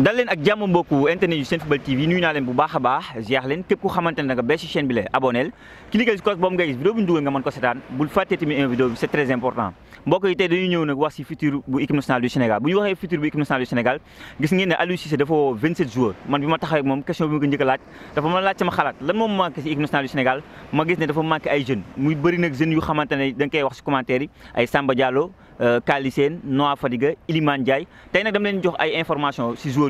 dalen ak jàmm mbokku internet yu sen football TV nuyu naa leen bu baax a baax ziar leen képp ku xamante nga bees si chaîne bi lé abonnel cliquer ci cloche boobu nga gis vidéo bu ñu nga man ko sétane bu faté timi un vidéo c'est très important mbokk yi tey dañuy ñëw nak wax ci futur bu équipe nationale du Sénégal bu ñu waxé futur bu équipe nationale du Sénégal gis ngeen né Aliou Cissé dafa 27 joueurs man bima ma taxawee moom question bi ko ñëk a laaj dafa ma laaj sama xalat lan mom manqué ci équipe nationale du Sénégal ma gis né dafa manqué ay jeunes muy bari nak jeunes yu xamantene dañ koy wax ci commentaire yi ay Samba Diallo euh, Kaly Sène Noah Fadiga Iliman diay tay nak dam leen jox ay information ci joueurs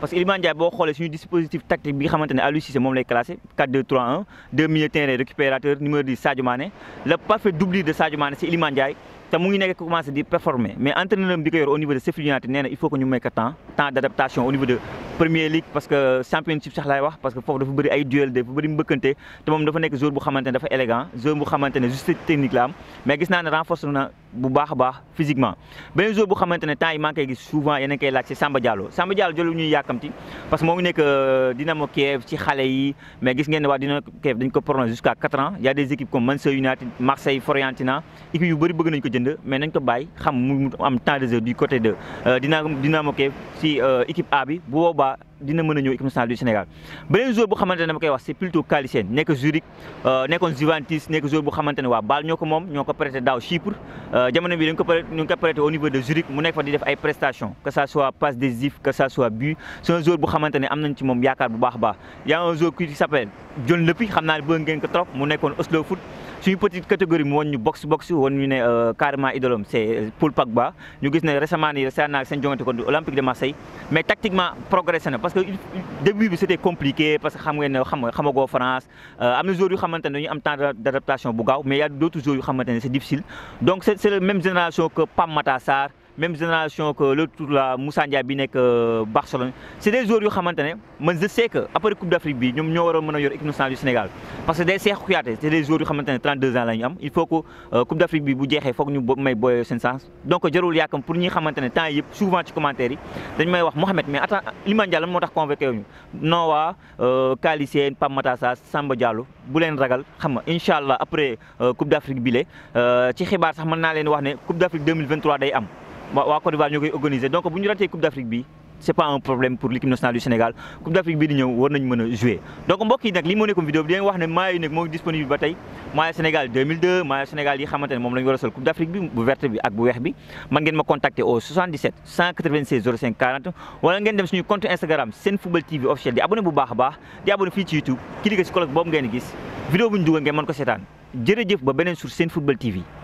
parce que Iliman Ndiaye boo dispositif tactique bi nga classé 4-2-3-1 deux milieux récupérateur numéro 10 Sadio Mané le parfait doublé de Sadio Mané c'est Iliman te mu ngi nekk commencé di performer mais entraîneur bi ko yor au niveau de Sheffield United nee il faut que ñu may ko temps temps d'adaptation, au niveau de première ligue, parce que championship sax laay wax parce que foofu dafa bëri ay duel dafa bëri mbëkkante te moom dafa nekk jour, bu xamante ne dafa élégant jour, bu xamante ne juste technique la am mais gis naa ne renforce na bu baax a baax physiquement Ben jour, bu xamante ne temps yi maa ngi koy gis souvent yéen a ngi koy laaj c'est Samba Diallo Samba Diallo jolu ñuy yàkkamti parce que moo ngi nekk euh, Dynamo Kiev ci xale yi mais gis ngeen ne waa Dynamo Kiev dañ ko prolonger jusqu'à 4 ans y a des équipes comme Manchester United Marseille Fiorentina équipe yu bëri bëgg nañ ko jënd mais nañ ko bàyyi xam mu am temps de jeu du côté de euh, Dinamo Kiev si euh, équipe A bu boobaa dina mën ñëw équipe nationale Sénégal beneen joueur bu xamante ne dama euh, ko moom ñoo ko prêté daaw Chypre jamono bi dañ ko prêté au niveau de Zurich mu nekk fa di def ay prestations que ça soit passe décisive que ça soit but c'est un bu xamante am nañ ci moom yaakaar bu baax baax y a un s'appelle John Lepi xam naa bëgg ngeen ko trop mu nekkoon Oslo Foot une petite catégorie on le box box on une karma euh, carrément idolom c'est euh, Paul Pogba Nous gis récemment eu l'Olympique de Marseille mais tactiquement progressé parce que début c'était compliqué parce que xam ngeen ne xam France euh, am a joueurs yu xamante dañu am temps d'adaptation bu gaw mais y' a d'autres jours, joueurs yu c'est difficile donc c'est la même génération que Pam Matassar, même génération que le tour là Moussa Ndiaye bi euh, Barcelone C'est des joueurs yo xamante man je sais que après Coupe d'Afrique, bi ñom ñoo war mëna yor équipe nationale du Sénégal parce que day Cheikh Kouyaté c'est des joueurs yo xamante 32 ans la am il faut que euh, Coupe d'Afrique bi bu jéxé foog ñu may sen sens donc jarul yakam pour ñi xamante ne temps yépp souvent ci commentaire yi dañ may wax Mohamed mais attends Liman Ndiaye motax convoqué wuñu Noah euh, Sène Pape Matar Samba Diallo bu len ragal xam nga inshallah après euh, Coupe d'Afrique, Afrique bi le ci xibaar sax mën naa wax ne Coupe d'Afrique 2023 day am waa Côte d'Ivoire koy organiser donc bu ñu la Coupe d'Afrique bi c'est pas un problème pour l'équipe nationale du Sénégal Coupe d'Afrique bii di ñëw war nañ jouer donc mbokk yi nag li moo nekkoon vidéo bi di wax ne maillot disponible ba Maya Sénégal 2002 Maya Sénégal yi xamante ne moom la ñu Coupe d'Afrique bi bu verte bi ak bu Vous bi man contacter au 77 196 05 40 wala ngeen dem notre compte Instagram Football TV officiel di abonné bu baax a baax di abonné fii ci YouTube cliquer si cloche boobu ngeen gis vidéo bu vous dugal ngeen mën ko seetaan jërëjëf ba beneen sur Senfootball TV